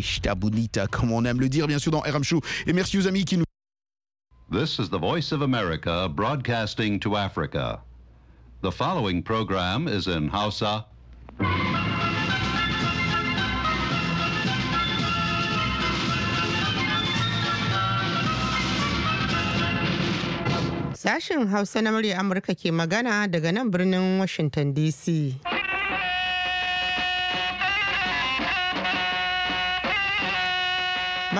Ishta Bonita, comme on aime le dire, bien sûr, dans RM Show. Et merci aux amis qui nous. This is the voice of America broadcasting to Africa. The following program is in Hausa. Sashen Hausa na murya Amurka ke magana daga nan birnin Washington DC.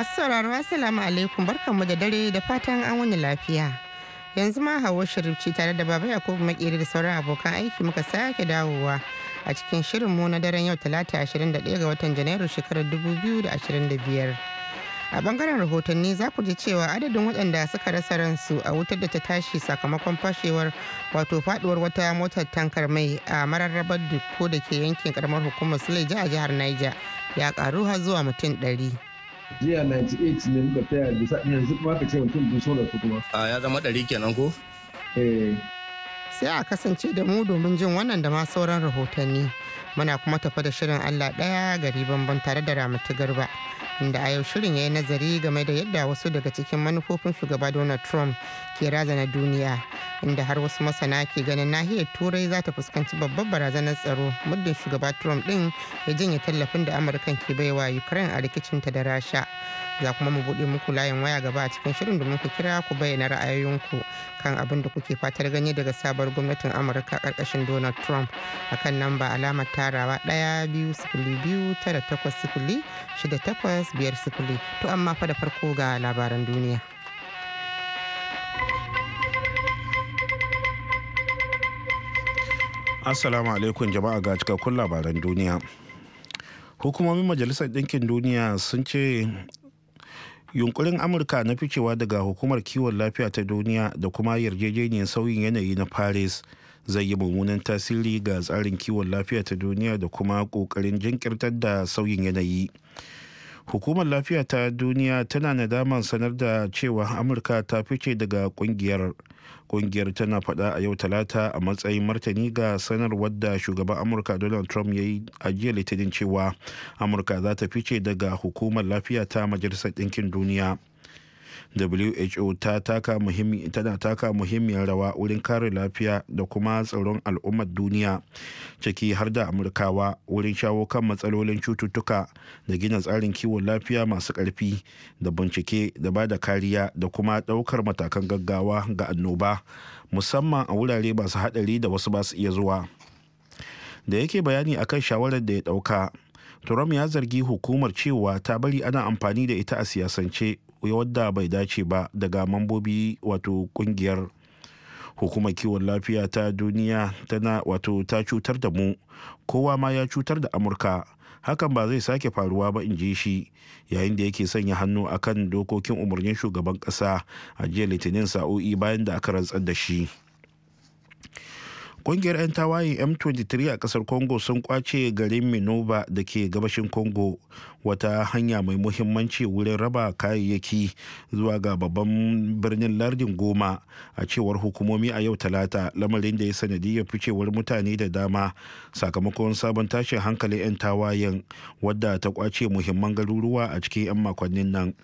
Masu sauraro Assalamu alaikum mu da dare da fatan an wani lafiya. Yanzu ma Hauwa shirifci tare da Baba Yakubu Makeri da sauran abokan aiki muka sake dawowa a cikin shirin mu na daren yau Talata 21 ga watan Janairu shekarar 2025. A bangaren rahotanni za ku ji cewa adadin waɗanda suka rasa ransu a wutar da ta tashi sakamakon fashewar wato faduwar wata motar tankar mai a mararrabar ko da ke yankin karamar hukumar Suleja a jihar Niger ya karu har zuwa mutum ɗari. jiya 98 ne muka taya bisa yanzu kuma ka ce mutum biyu da su kuma. a ya zama ɗari kenan ko? Eh. sai a kasance da mu domin jin wannan da ma sauran rahotanni muna kuma tafa da shirin allah ɗaya gari bamban tare da ramatu garba inda a yau shirin ya yi nazari game da yadda wasu daga cikin manufofin shugaba donald trump ke razana duniya inda har wasu masana ke ganin nahiyar turai za ta fuskanci babbar barazanar tsaro muddin shugaba trump din ya janye tallafin da amurkan ke baiwa ukraine a rikicinta da rasha za kuma mu buɗe muku layin waya gaba a cikin shirin domin ku kira ku bayyana ra'ayoyinku kan abin da kuke fatar gani daga sabuwar gwamnatin amurka karkashin donald trump akan namba alamar tarawa ɗaya biyu sifili biyu tara takwas sifili shida takwas biyar sifili to amma fa da farko ga labaran duniya. Assalamu alaikum jama'a ga cikakkun labaran duniya. Hukumomin Majalisar Ɗinkin Duniya sun ce yunkurin Amurka na ficewa daga hukumar kiwon lafiya ta duniya da kuma yarjejeniyar sauyin yanayi na Paris zai yi mummunan tasiri ga tsarin kiwon lafiya ta duniya da kuma ƙoƙarin jinkirtar da sauyin yanayi. hukumar lafiya ta duniya tana nadaman sanar da cewa amurka ta fice daga kungiyar kungiyar tana faɗa a yau talata a matsayin martani ga sanarwar da shugaban amurka donald trump ya yi a jiya litinin cewa amurka za ta fice daga hukumar lafiya ta majalisar ɗinkin duniya who ta taka muhimmi tana taka muhimmiyar rawa wurin kare lafiya da kuma tsaron al'ummar duniya ciki har da amurkawa wurin shawo kan matsalolin cututtuka da gina tsarin kiwon lafiya masu ƙarfi da bincike da ba da kariya da kuma ɗaukar matakan gaggawa ga annoba musamman a wurare masu haɗari da wasu ba su iya zuwa da yake bayani akan shawarar da ya ɗauka Trump ya zargi hukumar cewa ta bari ana amfani da ita a siyasance wadda bai dace ba daga mambobi wato kungiyar hukumar kiwon lafiya ta duniya tana wato ta cutar da mu kowa ma ya cutar da amurka hakan ba zai sake faruwa ba in ji shi yayin da yake sanya hannu akan dokokin umarnin shugaban kasa a jiya litinin sa'o'i bayan da aka rantsar da shi Ƙungiyar 'yan tawayen M23 a ƙasar Congo sun kwace garin Minoba da ke gabashin Congo wata hanya mai muhimmanci wurin raba kayayyaki zuwa ga babban birnin lardin goma a cewar hukumomi a yau talata lamarin da ya sanadiyar ficewar mutane da dama sakamakon sabon tashin hankalin 'yan tawayen wadda ta kwace muhimman garuruwa a cikin 'yan makonnin nan.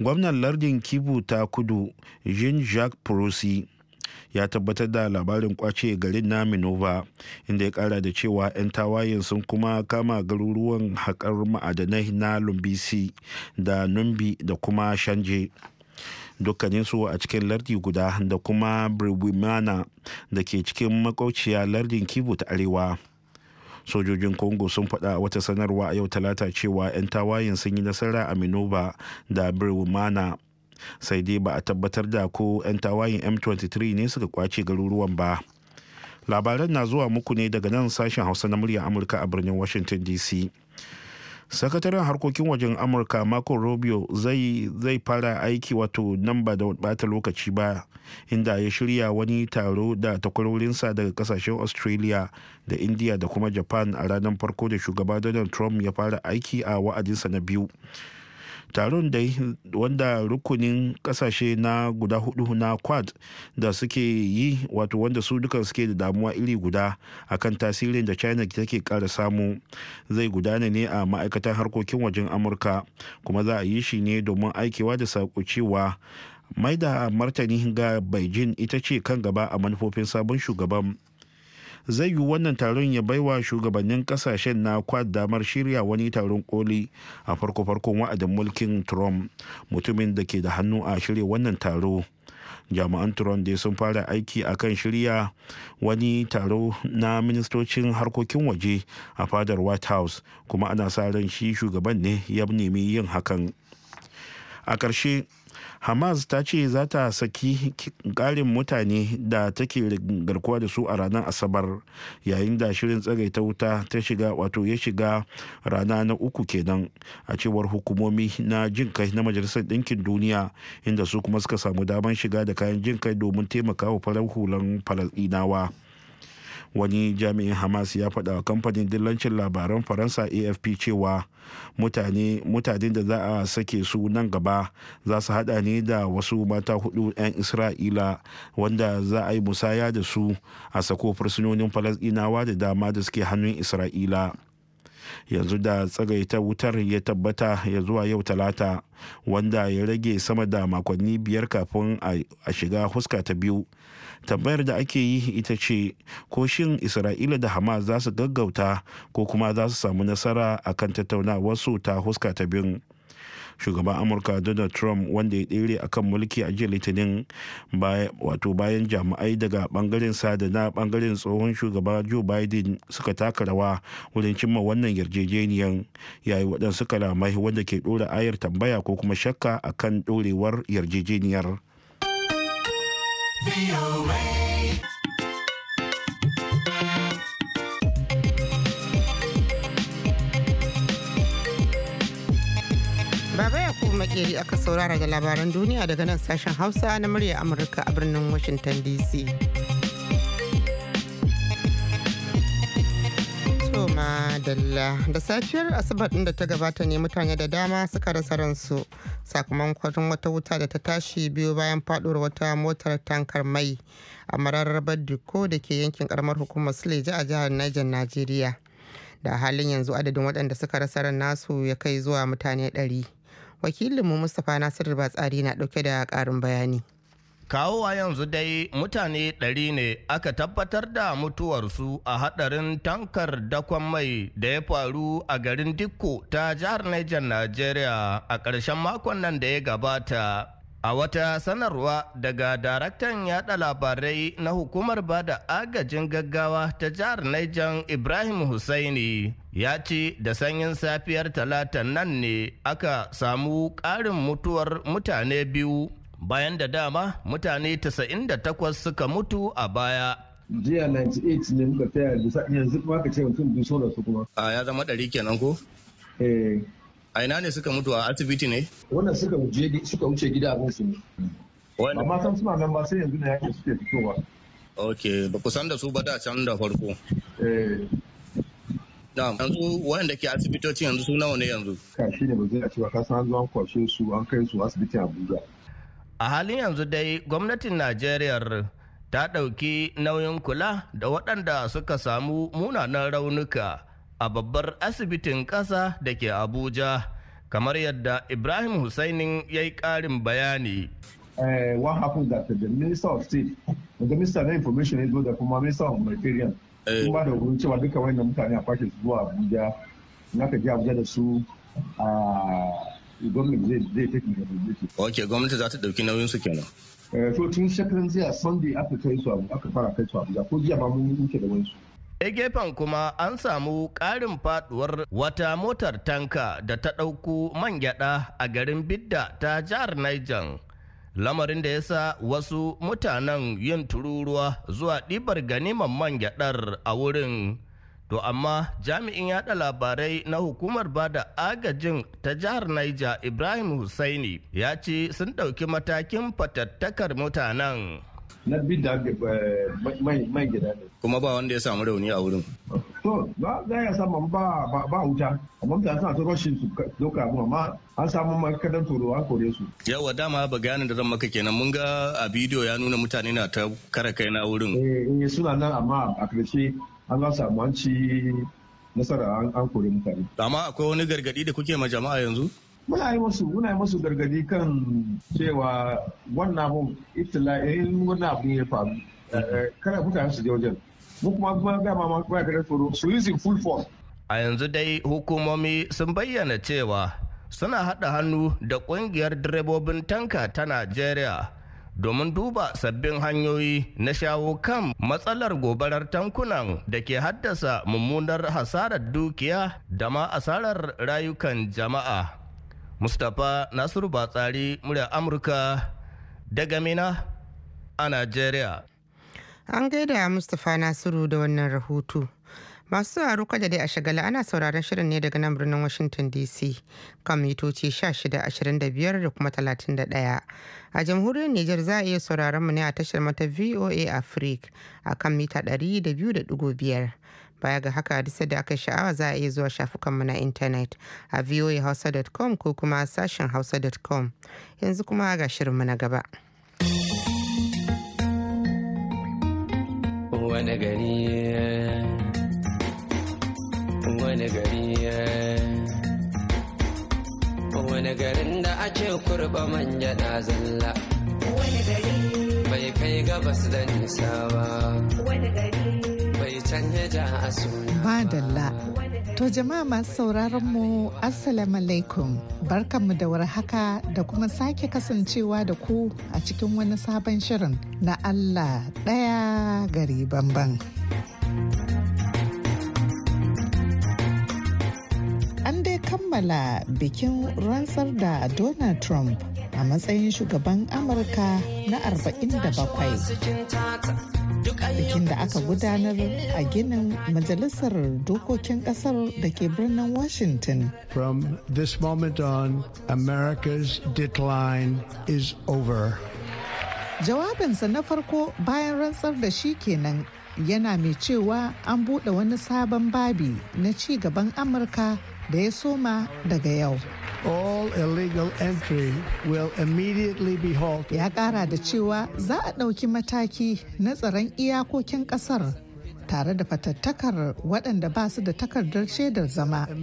Gwamnan lardin kibu ta kudu Jean-Jacques Prosi ya tabbatar da labarin kwace garin na minova inda ya kara da cewa 'yan tawayen sun kuma kama garuruwan haƙar ma'adanai na lumbisi da numbi da kuma shanje dukkaninsu a cikin lardi guda da kuma birbimana da ke cikin makauciya lardin kivu ta arewa sojojin congo sun faɗa wata sanarwa a yau talata cewa 'yan tawayen sun yi nasara a minova da birwimana. sai dai ba a tabbatar da ko 'yan tawayin m23 ne suka kwace garuruwan ba labaran na zuwa muku ne daga nan sashen hausa na murya amurka a birnin washington dc sakataren harkokin wajen amurka marco rubio zai, fara aiki wato nan ba da bata lokaci ba inda ya shirya wani taro da takwarorinsa daga kasashen australia da india da kuma japan a ranar farko da shugaba donald trump ya fara aiki a wa'adinsa na biyu taron dai wanda rukunin kasashe na guda hudu na quad da suke yi wato wanda su duka suke da damuwa iri guda akan tasirin da china take kara samu zai gudana ne a ma'aikatan harkokin wajen amurka kuma za a yi shi ne domin aikewa da sakucewa mai da martani ga beijing ita ce kan gaba a manufofin sabon shugaban zai yi wannan taron ya baiwa shugabannin kasashen na kwad damar shirya wani taron koli a farko-farkon wa'adin mulkin trump mutumin da ke da hannu a shirya wannan taro jami'an trump dai sun fara aiki a kan shirya wani taro na ministocin harkokin waje a fadar white house kuma ana sa ran shi shugaban ne ya nemi yin hakan a ƙarshe hamas ta ce za ta saki karin mutane da take garkuwa da su a ranar asabar yayin da shirin tsagaita wuta ta shiga wato ya shiga rana na uku kenan a cewar hukumomi na jin kai na majalisar ɗinkin duniya inda su kuma suka samu damar shiga da kayan jin kai domin taimaka wa farar hulan falasɗinawa wani jami'in hamas ya faɗa wa kamfanin dillancin labaran faransa afp cewa mutane mutanen da za a sake su nan gaba za su hada ne da wasu mata hudu 'yan isra'ila wanda za a yi musaya da su a sako fursunonin falasdinawa da dama da suke hannun isra'ila yanzu da tsagaita wutar ya tabbata ya zuwa yau talata wanda ya rage sama da makonni biyar kafin a shiga huska ta biyu tambayar da ake yi ita ce ko shin isra'ila da hamas za su gaggauta ko kuma za su samu nasara a akan tattaunawarsu ta huska ta bin shugaban amurka donald trump wanda ya ɗere a kan mulki a jiya litinin wato bayan jami'ai daga bangaren sada na bangaren tsohon shugaba joe biden suka taka rawa wurin cimma wannan yarjejeniyar yayi waɗansu kalamai wanda ke ɗora ayar tambaya ko kuma shakka akan ɗorewar yarjejeniyar Baba ya maƙeri makeri aka saurara da labaran duniya daga nan sashen Hausa na murya Amurka a birnin Washington DC. Madalla da safiyar Asabar ɗin da ta gabata ne mutane da dama suka rasa ransu sakamakon wata wuta da ta tashi biyu bayan faɗuwar wata motar tankar mai a mararrabar Diko da ke yankin karamar hukumar Suleja a jihar Niger Najeriya. Da halin yanzu adadin waɗanda suka rasa ran nasu ya kai zuwa mutane ɗari. Wakilinmu Mustapha Nasiru Batsari na ɗauke da ƙarin bayani. kawowa yanzu dai mutane ɗari ne aka tabbatar da mutuwarsu a hadarin tankar dakon mai da ya faru a garin dikko ta jihar Niger Najeriya a ƙarshen makon nan da ya gabata a wata sanarwa daga daraktan yaɗa labarai na hukumar bada agajin gaggawa ta jihar Niger Ibrahim Hussaini ya ce da sanyin safiyar talata nan ne aka samu ƙarin mutuwar mutane biyu bayan da dama mutane 98 suka mutu a baya. jiya 98 ne muka taya yanzu kuma ka ce mutum biyu sauran su kuma. a ya zama ɗari kenan ko? eh. a ina ne suka mutu a asibiti ne? wannan suka wuce gida abin su ne. amma san suna nan ba sai yanzu ne yake suke fitowa. ok ba ku san da su ba da can da farko. eh. yanzu wanda ke asibitoci yanzu su nawa ne yanzu? ka shi ne ba zai a ba. ka san an zo an kwashe su an kai su asibiti abuja. a halin yanzu dai gwamnatin najeriya ta ɗauki nauyin kula da waɗanda suka samu munanan raunuka a babbar asibitin ƙasa da ke abuja kamar yadda ibrahim husainin ya yi ƙarin bayani eh, what happened that the minister of state the minister of information is zo da kuma minister of humanitarian eh. kuma da wurin cewa duka wani mutane a fashe zuwa abuja na ka je abuja da su ah, Eh, gwamnati zai zai take da su ok gwamnati za ta dauki nauyin su kenan eh, So tun shekaran jiya sunday aka kai su abu, aka fara kai su abu, ko jiya ma mun yi da wansu. a e gefen kuma an samu ƙarin faduwar wata motar tanka da ta ɗauko man gyaɗa a garin bidda ta jihar niger lamarin da ya sa wasu mutanen yin tururuwa zuwa ɗibar ganiman man gyaɗar a wurin To amma jami'in yada labarai na hukumar bada agajin ta jihar Niger Ibrahim Hussaini ya ce sun ɗauki matakin fatattakar mutanen. Na bi da eh, mai gida ne. Kuma ba wanda ya samu rauni a wurin. To ba za ya samu ba ba wuta. Amma mutane suna ta rashin su doka mu amma an samu makadan toro an kore su. Yawa dama bayanin da zan maka kenan mun ga a bidiyo ya nuna mutane na ta kare kai na wurin. Eh, eh suna nan amma a karshe an an samu an ci nasara an kori mutane. Dama akwai wani gargadi da kuke ma jama'a yanzu? Muna yi masu muna yi masu gargadi kan cewa wannan abun in wannan abun ya faru. Eh, eh, kada mutane su je wajen. Mu kuma kuma ga ma kuma ka tsoro su yi full force. A yanzu dai hukumomi sun bayyana cewa suna haɗa hannu da ƙungiyar direbobin tanka ta Najeriya domin duba sabbin hanyoyi na shawo kan matsalar gobarar tankunan da ke haddasa mummunar hasarar dukiya da ma asarar rayukan jama'a. Mustapha Nasiru Batsari murya Amurka daga Mina a Najeriya. An gaida Mustapha Nasiru da wannan rahoto. Masu sauraro kada dai a shagala ana sauraron shirin ne daga nan birnin Washington DC kan mitoci 1625 da kuma 31. A jamhuriyar Nijar za a iya sauraron mu ne a tashar mata VOA Africa a kan mita 200.5. Baya ga haka disa da aka sha'awa za a iya zuwa shafukanmu na intanet a voahausa.com ko kuma sashen hausa.com. Yanzu kuma ga shirin mu na gaba. Wane gari wani gari eh. wani garin da ake kurba manja na zalla wani gari bai kai gabas da nisa ba wani gari bai canje ja a suna ba To jama'a masu sauraron mu Assalamu alaikum barkanmu da warhaka da kuma sake kasancewa da ku a cikin wani sabon shirin na Allah ɗaya gari bamban. kammala bikin rantsar da Donald Trump a matsayin shugaban Amurka na 47. Bikin da aka gudanar a ginin Majalisar Dokokin Kasar da ke birnin Washington. From this moment on, America's decline is over. Jawabinsa na farko bayan rantsar da shi kenan yana mai cewa an buɗe wani sabon babi na ci gaban amurka da ya soma daga yau all illegal entry will immediately be Ya ƙara da cewa za a ɗauki mataki na tsaron iyakokin ƙasar tare da fatattakar waɗanda ba su da takardar shaidar zama. Don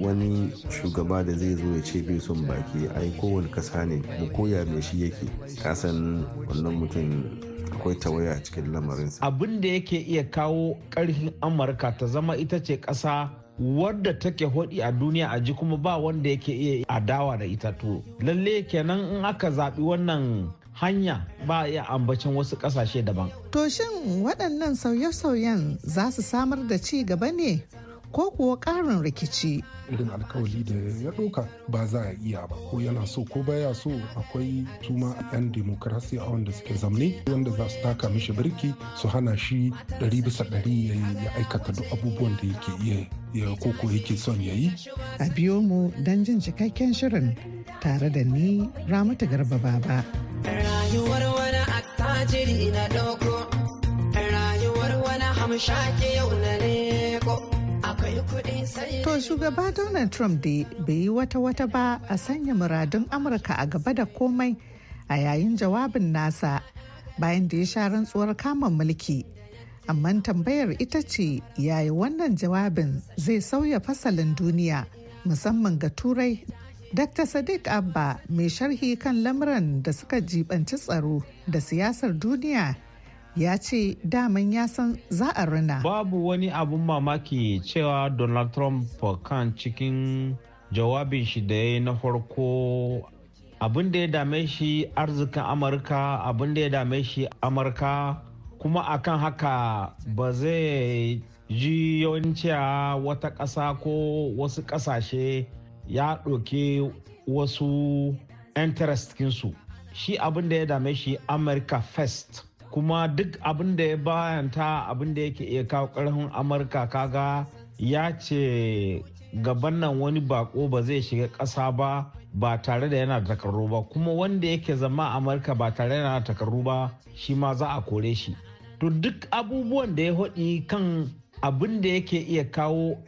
wani shugaba da zai zo ya ce bai son baki ai kowane kasa ne mu koya mai shi yake kasan wannan mutum akwai tawaya a cikin sa abin da yake iya kawo karfin amurka ta zama ita ce ƙasa wadda take hodi a duniya a ji kuma ba wanda yake iya adawa da ita to lalle kenan in aka zaɓi wannan hanya ba iya ambacin wasu ƙasashe daban to shin waɗannan sauye-sauyen za su samar da ci gaba ne ko kuwa ƙarin rikici. irin alkawali da ya ɗauka ba za a iya ba ko yana so ko baya so akwai suma 'yan demokrasi a wanda suke zamne wanda za su taka mishi birki su hana shi ɗari bisa ɗari ya aikata duk abubuwan da yake iya ya koko yake son ya yi. a biyo mu don jin cikakken shirin tare da ni ramata garba baba. rayuwar wani attajiri na ɗauko rayuwar wani hamshake yau na ne To shugaba Donald Trump da bai yi wata-wata ba a sanya muradun Amurka a gaba da komai a yayin jawabin nasa bayan da ya sha rantsuwar kama mulki. Amma tambayar ita ce yayi wannan jawabin zai sauya fasalin duniya musamman ga turai. Dr. Sadiq Abba mai sharhi kan lamuran da suka jibanci tsaro da siyasar duniya ya ce daman ya san za a rina. Babu wani abun mamaki cewa Donald Trump kan cikin jawabin shi da ya na farko abin da ya dame shi arzikin Amurka abin da ya dame shi Amurka kuma akan haka ba zai ji yawanciya wata ƙasa ko wasu ƙasashe ya ɗauke wasu interest kinsu shi abin da ya dame shi Amurka first. kuma duk abin da ya bayanta abin da yake iya kawo karhin amurka kaga ya ce gaban nan wani bako ba zai shiga ƙasa ba ba tare da yana takarru ba kuma wanda yake zama amurka ba tare da yana takarru ba shi ma za a kore shi to duk abubuwan da ya haɗi kan abin da yake iya kawo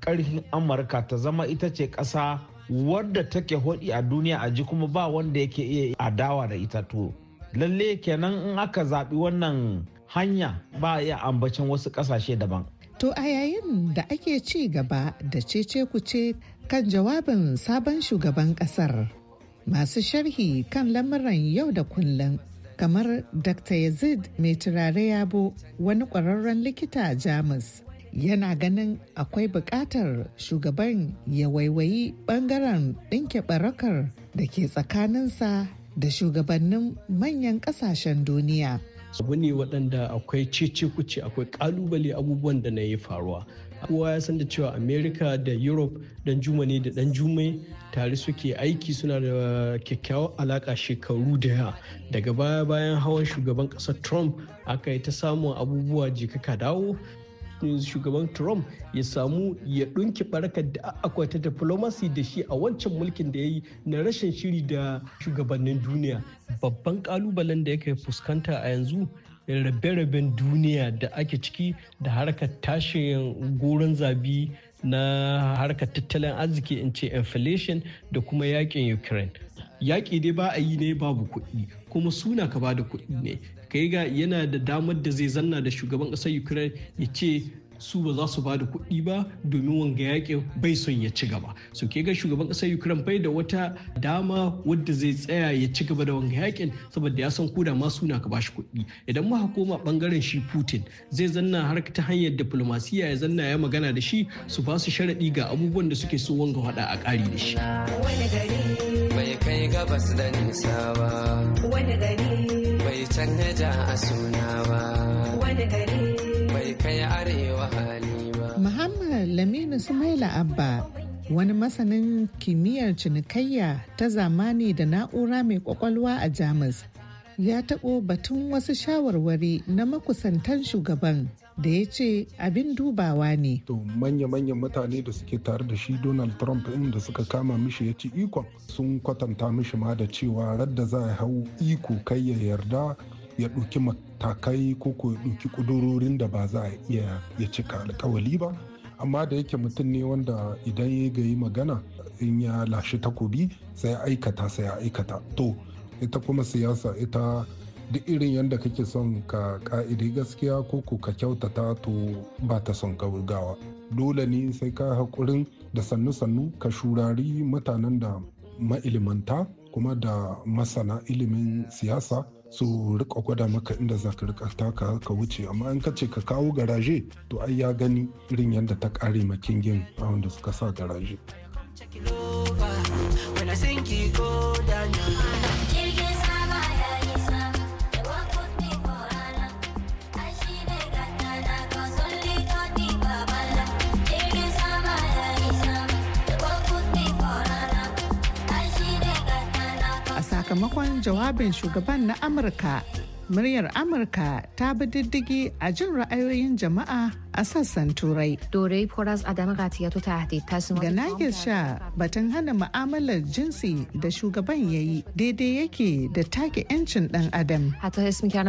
ƙarfin amurka ta zama ita ce ƙasa wadda take haɗi a duniya a ji kuma ba wanda yake iya adawa da ita to lalle kenan in aka zaɓi wannan hanya ba ya ambacin wasu ƙasashe daban. To a yayin da ake ci gaba da cece kuce kan jawabin sabon shugaban ƙasar masu sharhi kan lamuran yau da kullum kamar Dr. Yazid mai turare yabo wani ƙwararren likita Jamus yana ganin akwai buƙatar shugaban ya waiwayi ɓangaren ɗinke barakar da ke tsakaninsa da shugabannin manyan kasashen duniya. abu ne waɗanda akwai cece kuce akwai ƙalubale abubuwan da na yi faruwa kowa ya san da cewa america da europe dan juma ne da dan jumai tare suke aiki suna da kyakkyawar alaka shekaru da yawa daga baya bayan hawan shugaban ƙasar trump aka yi ta samun abubuwa jikaka dawo shugaban trump ya samu ya ɗunki barakar da akwai ta diplomacy da shi a wancan mulkin da ya yi na rashin shiri da shugabannin duniya babban kalubalen da yake fuskanta a yanzu rabe-raben duniya da ake ciki da harkar tashin goron zabi na harkar tattalin arziki in ce inflation da kuma yakin ukraine yaƙi dai ba a yi ne babu kuɗi kuma suna ka ba da kuɗi ne kai ga yana da damar da zai zanna da shugaban ƙasar ukraine ya ce su ba za su ba da kuɗi ba domin wanga yaƙi bai son ya ci gaba so ke ga shugaban ƙasar ukraine bai da wata dama wadda zai tsaya ya ci gaba da wanga yaƙin saboda ya san koda ma suna ka bashi kuɗi idan ma koma bangaren shi putin zai zanna har ta hanyar diplomasiya ya zanna ya magana da shi su ba su sharaɗi ga abubuwan da suke so wanga hada a ƙari da shi. wani gari bai kai gabas da nisa ba wani gari bai ja a suna ba wani gari bai kai arewa hali ba muhammad laminu sumaila abba wani masanin kimiyyar cinikayya ta zamani da na'ura mai kwakwalwa a jamus ya taɓo batun wasu shawarwari na makusantan shugaban da ya ce abin dubawa ne. To manya-manyan mutane da suke tare da shi Donald Trump in da suka kama mishi ya ci ikon sun kwatanta mishi ma da cewa radda za a hau iko kai ya yarda ya ɗauki matakai ko ko ya ɗauki ƙudurorin da ba za a iya ya cika alkawali ba. Amma da yake mutum ne wanda idan ya gayi magana in ya lashe takobi sai aikata sai aikata. To ita kuma siyasa ita duk irin yadda kake son ka ka'idi gaskiya ko ko ka kyautata to ba ta son gawa dole ne sai ka haƙurin da sannu-sannu ka shurari mutanen da ma'ilimanta kuma da masana ilimin siyasa su riƙa gwada maka inda za ka riƙa taka ka wuce amma in ka ce ka kawo garaje to ai ya gani irin yadda ta ƙare makin gin a wanda suka sa garaje. jawabin shugaban na Amurka, muryar Amurka ta bi diddigi a jin ra'ayoyin jama'a a sassan turai. ta Da Nagel sha batun hana ma'amalar jinsi da shugaban yayi daidai yake da take 'yancin dan adam. Kan ya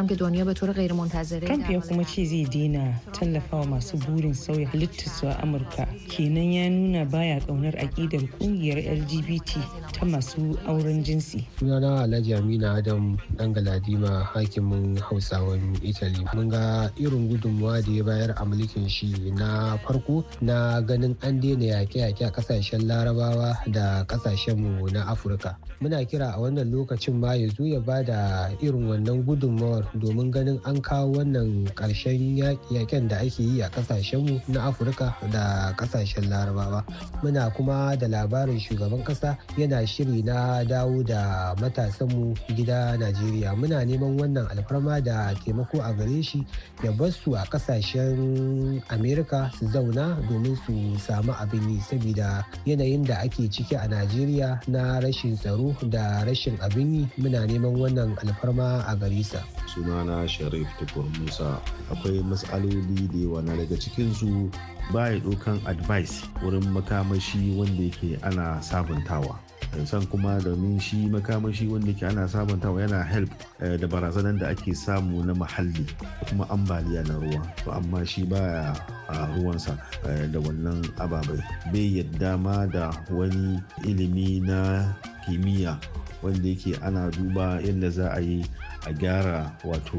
kuma ce zai daina tallafawa masu burin sauya su a Amurka. Kenan ya nuna baya kaunar aƙidar ƙungiyar LGBT ta masu auren jinsi. Sunana Alhaji Amina Adam dan Galadima hakimin Hausawan Italy. Mun ga irin gudunmawa da ya bayar a mulkin nufin shi na farko na ganin an daina yaƙe-yaƙe a ƙasashen larabawa da ƙasashenmu na afirka muna kira a wannan lokacin ma ya zo ya ba da irin wannan gudunmawar domin ganin an kawo wannan ƙarshen yaƙen da ake yi a ƙasashenmu na afirka da ƙasashen larabawa muna kuma da labarin shugaban ƙasa yana shiri na dawo da matasanmu gida najeriya muna neman wannan alfarma da taimako a gare shi ya bar su a ƙasashen amerika su zauna domin su samu abin yi saboda yanayin da ake ciki a najeriya na rashin tsaro da rashin abin yi muna neman wannan alfarma a garisa sunana sharif tukur musa akwai matsaloli da yawa na daga cikinsu ba ya dokan advice wurin makamashi wanda yake ana sabuntawa san kuma domin shi makamashi wanda ke ana sabuntawa yana help eh, da barazanan da ake samu na muhalli kuma ambaliya na ruwa to amma shi baya a ruwansa eh, da wannan ababai bai yadda ma da wani ilimi na kimiyya wanda yake ana duba yadda za a yi a gyara wato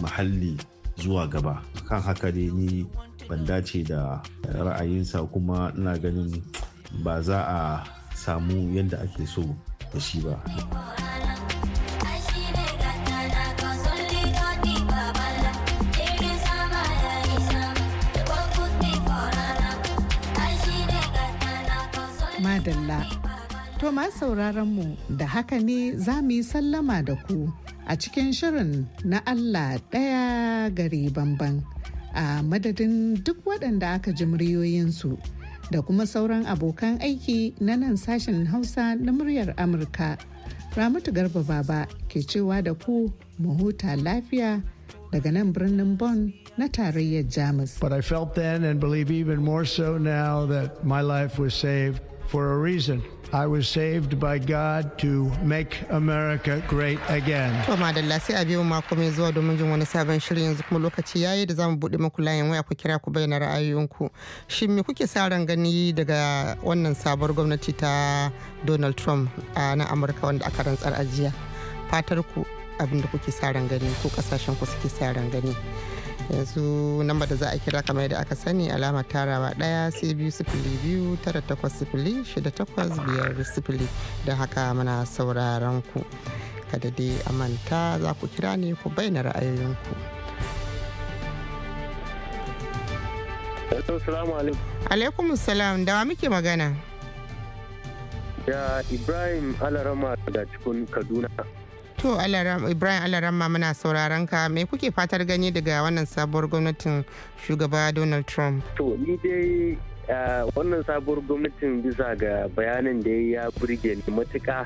muhalli zuwa gaba kan haka dai ni ban dace da eh, ra'ayinsa kuma ina ganin ba za a samu yadda ake so da shi ba. Madalla. To ma sauraron mu da haka ne za mu yi sallama da ku a cikin shirin na Allah ɗaya gari bamban a madadin duk waɗanda aka ji muryoyinsu. da kuma sauran abokan aiki na nan sashen Hausa na muryar Amurka. Ramatu Garba Baba ke cewa da ku mu huta lafiya daga nan birnin Bonn na tarayyar Jamus. But I felt then and believe even more so now that my life was saved for a reason. I was saved by God to make America great again. To madalla sai a biyu mako mai zuwa domin jin wani sabon shirin yanzu kuma lokaci yayi da zamu buɗe muku layin waya ku kira ku bayyana ra'ayoyinku. Shin me kuke sa ran gani daga wannan sabuwar gwamnati ta Donald Trump na Amurka wanda aka rantsar ajiya fatarku Fatar ku abin da kuke sa ran gani ko kasashen ku suke sa ran gani. yanzu namba da za a kira kamar yadda aka sani alama tarawa ɗaya sai biyu sifili biyu tara takwas sifili shida takwas biyar sifili da haka muna sauraron ku kada dai a manta za ku kira ne ku bayyana ra'ayoyinku. alaikum salam da wa muke magana ya ibrahim alarama da cikin kaduna To Ibrahim Alaramma muna sauraron ka me kuke fatar gani daga wannan sabuwar gwamnatin shugaba Donald Trump? To ni dai wannan sabuwar gwamnatin bisa ga bayanin da ya burge ni matuka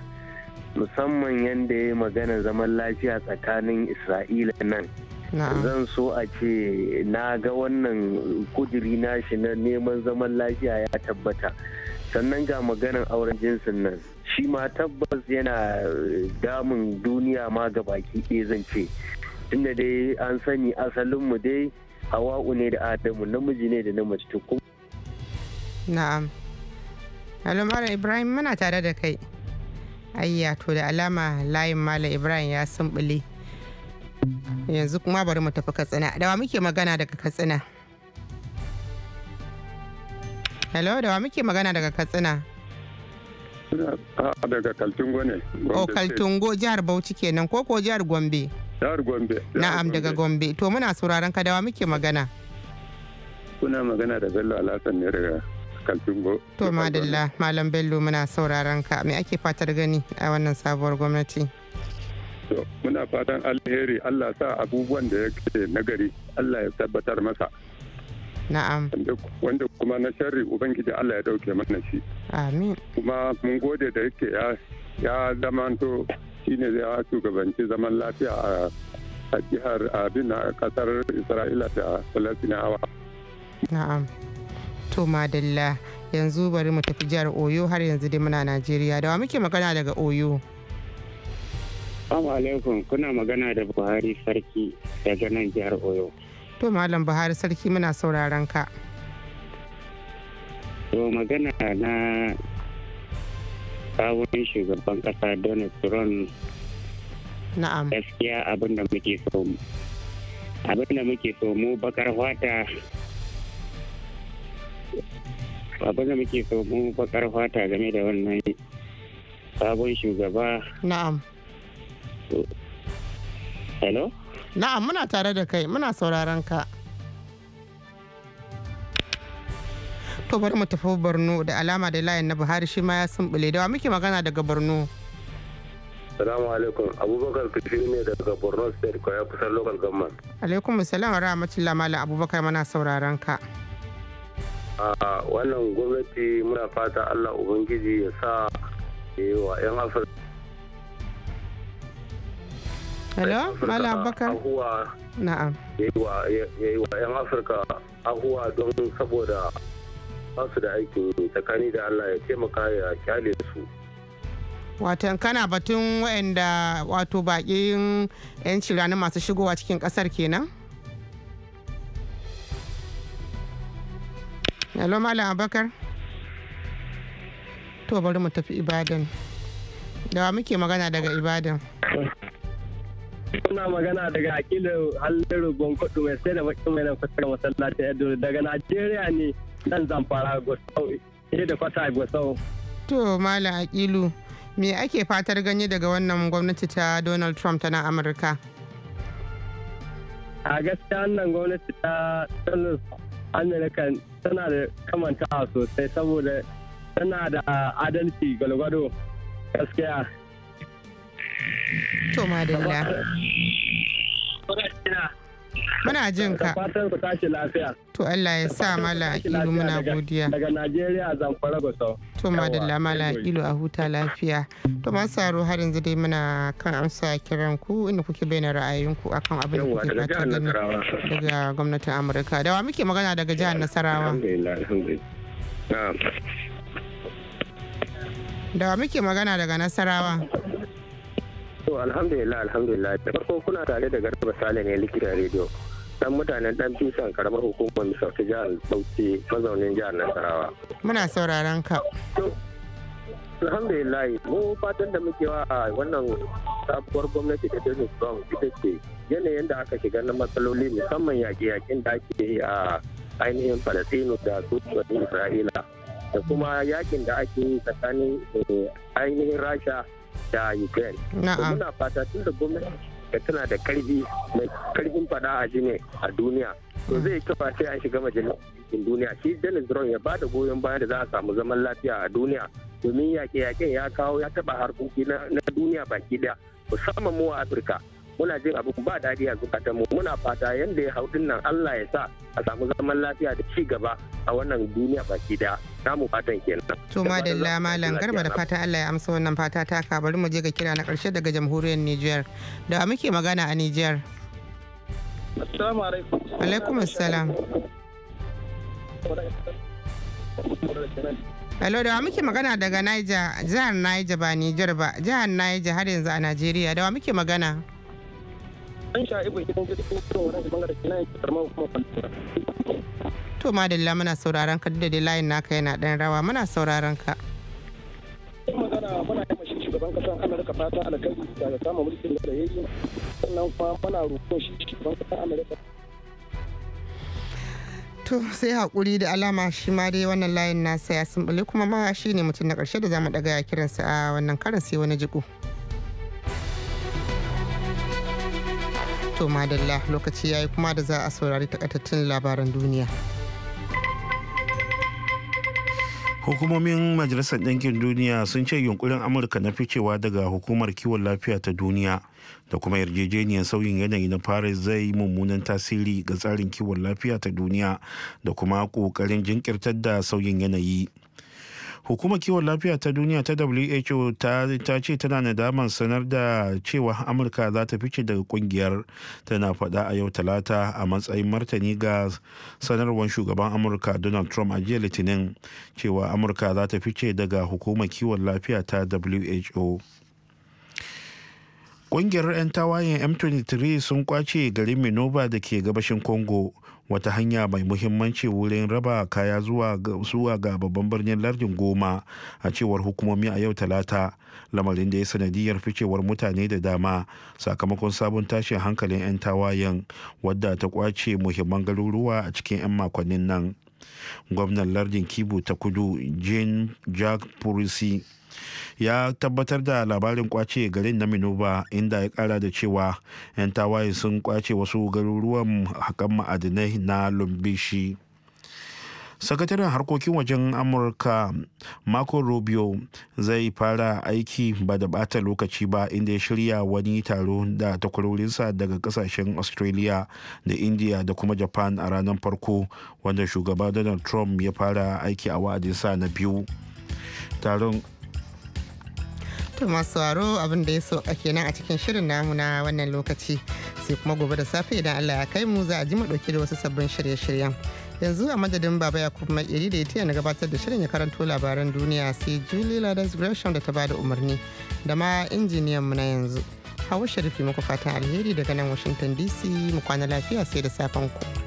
musamman yadda ya magana zaman lafiya tsakanin Isra'ila nan. Zan so a ce na ga wannan kudiri nashi na neman zaman lafiya ya tabbata. Sannan ga maganan auren jinsin nan. shi ma tabbas yana eh, damun duniya ma ga baki ɗaya zan ce tunda dai an sani asalinmu dai hawa'u ne da adamu namiji ne da na mace to kuma na'am alumar ibrahim muna tare da kai ayya to da alama layin mala ibrahim ya sumbule yanzu kuma bari mu tafi katsina dawa muke magana daga katsina hello dawa muke magana daga katsina a daga kaltungo ne o oh, kaltungo jihar bauchi kenan ko ko jihar gombe jihar gombe na'am daga gombe to muna sauraron ka dawa muke magana kuna magana da bello alhassan ne daga kaltungo to madalla malam bello muna sauraron ka me ake fatar gani a wannan sabuwar gwamnati muna fatan alheri allah sa abubuwan da yake nagari allah ya tabbatar masa Na'am. Wanda kuma na sharri Ubangiji Allah ya dauke mana shi. Amin. Kuma mun gode da yake ya zamanto shine ya shugabanci zaman lafiya a jihar abin a kasar isra'ila da falasinawa na'am to madalla yanzu bari mu tafi jihar oyo har yanzu dai muna najeriya da wa muke magana daga oyo Assalamu alaikum kuna magana da Buhari Sarki daga nan jihar Oyo. To Malam Buhari Sarki muna sauraron ka. To magana na sabon shugaban kasa Donald Trump. Na'am. Gaskiya abinda muke so abinda muke so mu bakar fata abinda muke so mu bakar fata game da wannan sabon shugaba na'am hello na'am muna tare da kai muna sauraron ka to bari mu tafi borno da alama da layin na buhari shi ma ya sumbule da wa muke magana daga borno salamu alaikum abubakar Kishi ne daga borno state kwaya kusan local government alaikum salam wa rahmatullahi malam abubakar Muna sauraron ka wannan gwamnati muna fata allah ubangiji ya sa yi eh, wa 'yan afirka hello mala abubakar na'am ya yi wa 'yan afirka ahuwa don saboda ba su da aikin tsakani da allah ya taimaka ya kyale su Wato kana batun waɗanda wato baƙin 'yan cirani masu shigowa cikin ƙasar kenan hello malam Abubakar? to bari mu tafi ibadan da muke magana daga ibadan Kuna magana daga akilu halin halliru kudu mai sai da bakin mai nan masallacin Edo daga Najeriya ne nan zamfara Gosau. ne eh, da kwata Gosau. To Malam Akilu me ake fatar ganye daga wannan gwamnati ta Donald Trump ta nan Amurka? A gaskiya wannan gwamnati ta Donald Amurka tana da kamantawa sosai saboda tana da adalci gwalgwado gaskiya. To madalla. Muna jin ka. Fatan ku tashi lafiya. To Allah ya sa mala ilu muna godiya. Daga Najeriya zamfara gusau. To madalla mala ilu a huta lafiya. To masu saro har yanzu dai muna kan amsa kiran ku inda kuke bayyana ra'ayinku akan abin da kuke fata gani daga gwamnatin Amurka. Dawa muke magana daga jihar Nasarawa. Dawa muke magana daga Nasarawa. To alhamdulillah alhamdulillah da farko kuna tare da garba sale ne likitan rediyo. Dan mutanen dan tusan karamar hukumar misau ta Bauchi mazaunin jihar Nasarawa. Muna sauraron ka. alhamdulillah mu fatan da muke wa wannan sabuwar gwamnati da Dennis Brown ita ce yanayin da aka shiga na matsaloli musamman yaƙe-yaƙen da ake yi a ainihin Falasinu da Sojojin Isra'ila da kuma yakin da ake yi tsakanin eh, ainihin Rasha da Ukraine. na fata tun da gwamnati da tana da karfi mai karfin fada a ne a duniya to zai kafa sai an shiga majalisar duniya shi Dennis Brown ya bada goyon bayan da za a samu zaman lafiya a duniya domin yaƙe-yaƙen ya kawo ya taɓa harkoki na duniya baki ɗaya musamman mu a Afirka muna jin abu ba daɗi a zukatan mu muna fata yanda ya hau dinnan Allah ya sa a samu zaman lafiya da ci gaba a wannan duniya baki da namu fatan kenan to madalla malam garba da fata Allah ya amsa wannan fata taka bari mu je ga kira na karshe daga jamhuriyar Niger da muke magana a Niger Assalamu alaikum. Alaikum assalam. Hello da muke magana daga Niger, jihar Niger ba Niger ba, jihar Niger har yanzu a Najeriya da muke magana? an sha'ibu gidan jirgin kuma wani bangare na yin karma kuma kwantura. To madalla muna sauraron ka da layin naka yana ɗan rawa muna sauraron ka. magana muna yi mashi shugaban kasan Amurka fata alkhairi daga kama mulkin da ya yi sannan kuma muna roƙon shi shugaban kasan Amurka To sai haƙuri da alama shi ma dai wannan layin nasa ya sumbule kuma ma shi ne mutum na ƙarshe da za mu ɗaga ya kiransa a wannan karin sai wani jiko. To madalla lokaci ya yi kuma da za a saurari takaitattun labaran duniya. Hukumomin Majalisar Ɗinkin Duniya sun ce yunkurin Amurka na ficewa daga hukumar kiwon lafiya ta duniya da kuma yarjejeniyar sauyin yanayi na Paris zai mummunan tasiri ga tsarin kiwon lafiya ta duniya da kuma ƙoƙarin jinkirtar da sauyin yanayi. hukumar kiwon lafiya ta duniya ta who ta ce tana nadamar sanar da cewa amurka za ta fice daga kungiyar tana faɗa a yau talata a matsayin martani ga sanarwar shugaban amurka donald trump a jiya litinin cewa amurka za ta fice daga hukumar kiwon lafiya ta who Ƙungiyar 'yan tawayen M23 sun kwace garin Minova da ke gabashin Congo wata hanya mai muhimmanci wurin raba kaya zuwa ga babban birnin lardin goma a cewar hukumomi a yau talata lamarin da ya sanadiyar ficewar mutane da dama sakamakon sabon tashin hankalin 'yan tawayen wadda ta kwace muhimman garuruwa a cikin 'yan makonnin nan gwamnan lardin kibu ta kudu jane jack purisi ya tabbatar da labarin kwace garin na minoba inda ya kara da cewa 'yan tawaye sun kwace wasu garuruwan hakan ma'adinai na lumbishi sakataren harkokin wajen amurka marco rubio zai fara aiki ba da bata lokaci ba inda ya shirya wani taro da takwarorinsa daga kasashen australia da india da kuma japan a ranar farko wanda shugaba donald trump ya fara aiki a wa'adinsa na biyu taron To masu waro abin da ya so a kenan a cikin shirin namu na wannan lokaci sai kuma gobe da safe idan Allah ya kai mu za a ji mu dauki da wasu sabbin shirye-shiryen. Yanzu a madadin Baba kuma iri da ya na gabatar da shirin ya karanto labaran duniya sai Julie Ladas Gresham da ta bada umarni da ma injiniyan mu na yanzu. Hawa Sharifi muku fatan alheri daga nan Washington DC mu kwana lafiya sai da safen ku.